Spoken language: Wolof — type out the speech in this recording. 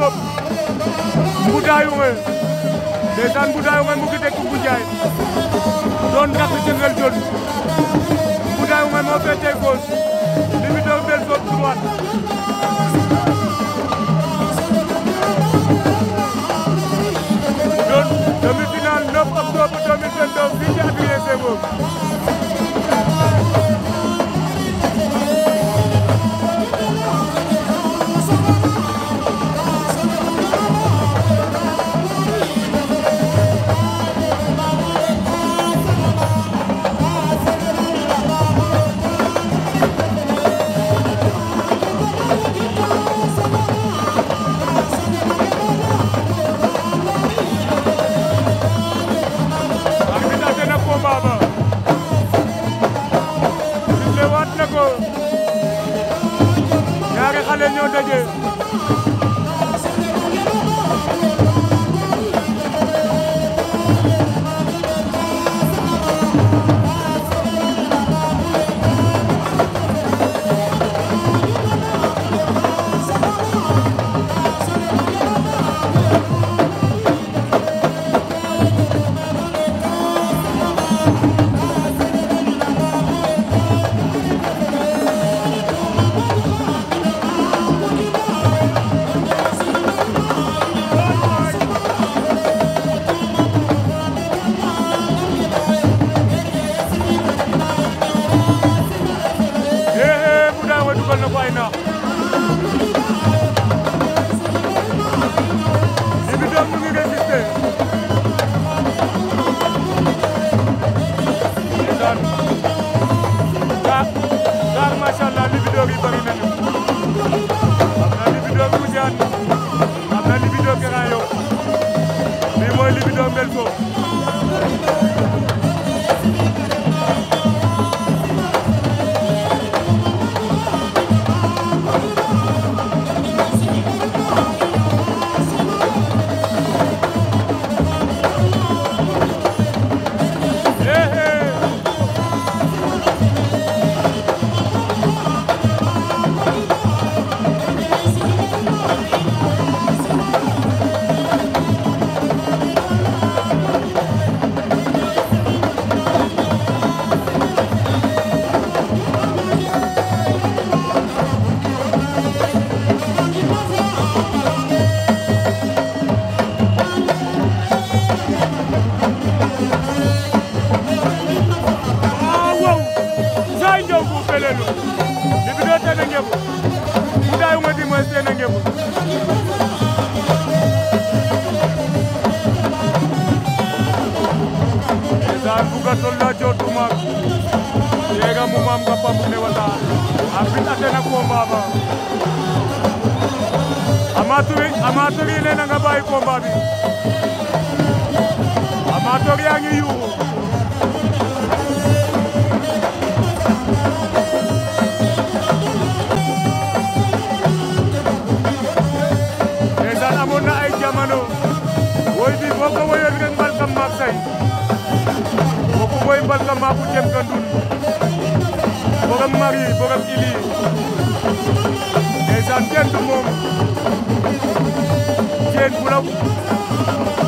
soob mbudaayu ngeen ndeysaan mbudaayu ngeen mu ngi dëkk Mbujaay doon dakk jëngal jon mbudaayu moo féetee gauche li mu xale ñoo daje Thank you. bu jaan am na libido Grand Yoff lii mooy libido Mbelko Kumak yega mumam ga pamu ne wata abita tena ko baba amaturi amaturi ne na ga bai ko babi amatori yangi yuru Mama bu Jem Gandoul borom Marie borom Ili ndeysaan kenn moom Diène bu law